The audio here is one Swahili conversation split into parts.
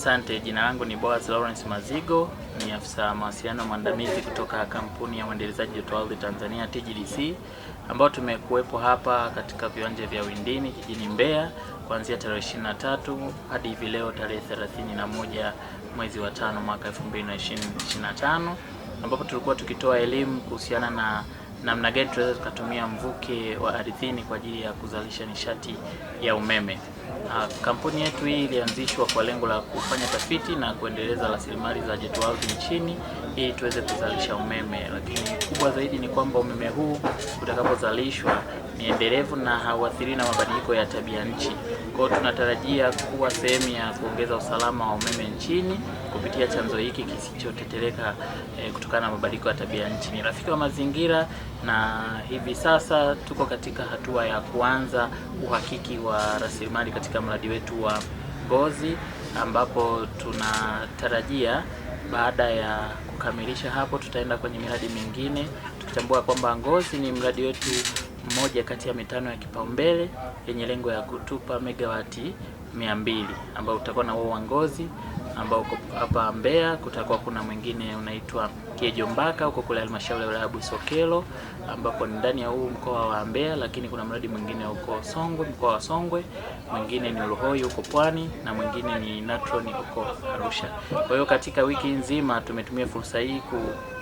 Asante, jina langu ni Boaz Lawrence Mazigo, ni afisa mawasiliano mwandamizi kutoka kampuni ya uendelezaji joto ardhi Tanzania TGDC, ambao tumekuwepo hapa katika viwanja vya Windini jijini Mbeya kuanzia tarehe 23 hadi hivi leo tarehe 31 mwezi wa tano mwaka 2025 ambapo tulikuwa tukitoa elimu kuhusiana na namna gani tunaweza tukatumia mvuke wa ardhini kwa ajili ya kuzalisha nishati ya umeme. Ah, kampuni yetu hii ilianzishwa kwa lengo la kufanya tafiti na kuendeleza rasilimali za joto ardhi nchini ili tuweze kuzalisha umeme, lakini kubwa zaidi ni kwamba umeme huu utakapozalishwa ni endelevu na hauathiri na mabadiliko ya tabia nchi. Kwa hiyo tunatarajia kuwa sehemu ya kuongeza usalama wa umeme nchini kupitia chanzo hiki kisichotetereka e, kutokana na mabadiliko ya tabia nchi. Ni rafiki wa mazingira na hivi sasa tuko katika hatua ya kuanza uhakiki wa rasilimali katika mradi wetu wa Ngozi ambapo tunatarajia baada ya kukamilisha hapo tutaenda kwenye miradi mingine tukitambua kwamba Ngozi ni mradi wetu moja kati ya mitano ya kipaumbele yenye lengo ya kutupa megawati mia mbili ambao utakuwa na wangozi ambao uko hapa Mbeya. Kutakuwa kuna mwingine unaitwa Kiejo Mbaka huko kule halmashauri ya Busokelo, ambapo ni ndani ya huu mkoa wa Mbeya, lakini kuna mradi mwingine huko Songwe, mkoa wa Songwe, mwingine ni Luhoi huko Pwani na mwingine ni Natron huko Arusha. Kwa hiyo katika wiki nzima tumetumia fursa hii ku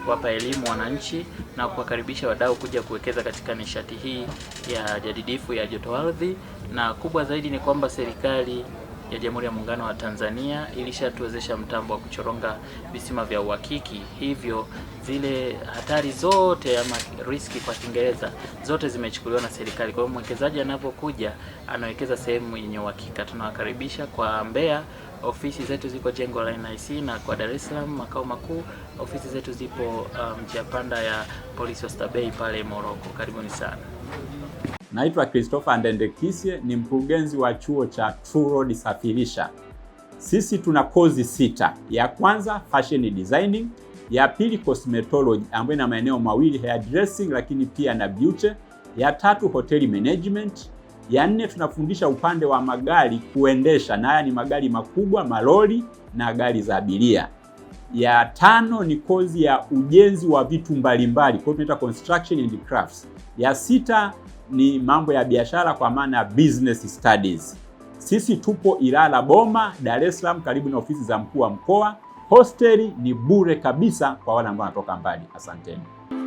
kuwapa elimu wananchi na kuwakaribisha wadau kuja kuwekeza katika nishati hii ya jadidifu ya joto ardhi, na kubwa zaidi ni kwamba serikali ya Jamhuri ya Muungano wa Tanzania ilishatuwezesha mtambo wa kuchoronga visima vya uhakiki, hivyo zile hatari zote ama riski kwa Kiingereza zote zimechukuliwa na serikali. Kwa hiyo mwekezaji anapokuja anawekeza sehemu yenye uhakika. Tunawakaribisha kwa Mbeya, ofisi zetu ziko jengo la NIC, na kwa Dar es Salaam makao makuu ofisi zetu zipo um, njia um, panda ya polisi Oysterbay pale Moroko. Karibuni sana. Naitwa Christopher Ndendekisye, ni mkurugenzi wa chuo cha True Road Safirisha. Sisi tuna kozi sita. Ya kwanza fashion designing, ya pili cosmetology ambayo ina maeneo mawili hair dressing, lakini pia na beauty. Ya tatu hotel management. Ya nne tunafundisha upande wa magari kuendesha, na haya ni magari makubwa, malori na gari za abiria. Ya tano ni kozi ya ujenzi wa vitu mbalimbali, kwa hiyo tunaita construction and crafts. Ya sita ni mambo ya biashara kwa maana business studies. Sisi tupo Ilala Boma, Dar es Salaam, karibu na ofisi za mkuu wa mkoa. Hosteli ni bure kabisa kwa wale ambao wanatoka mbali. Asanteni.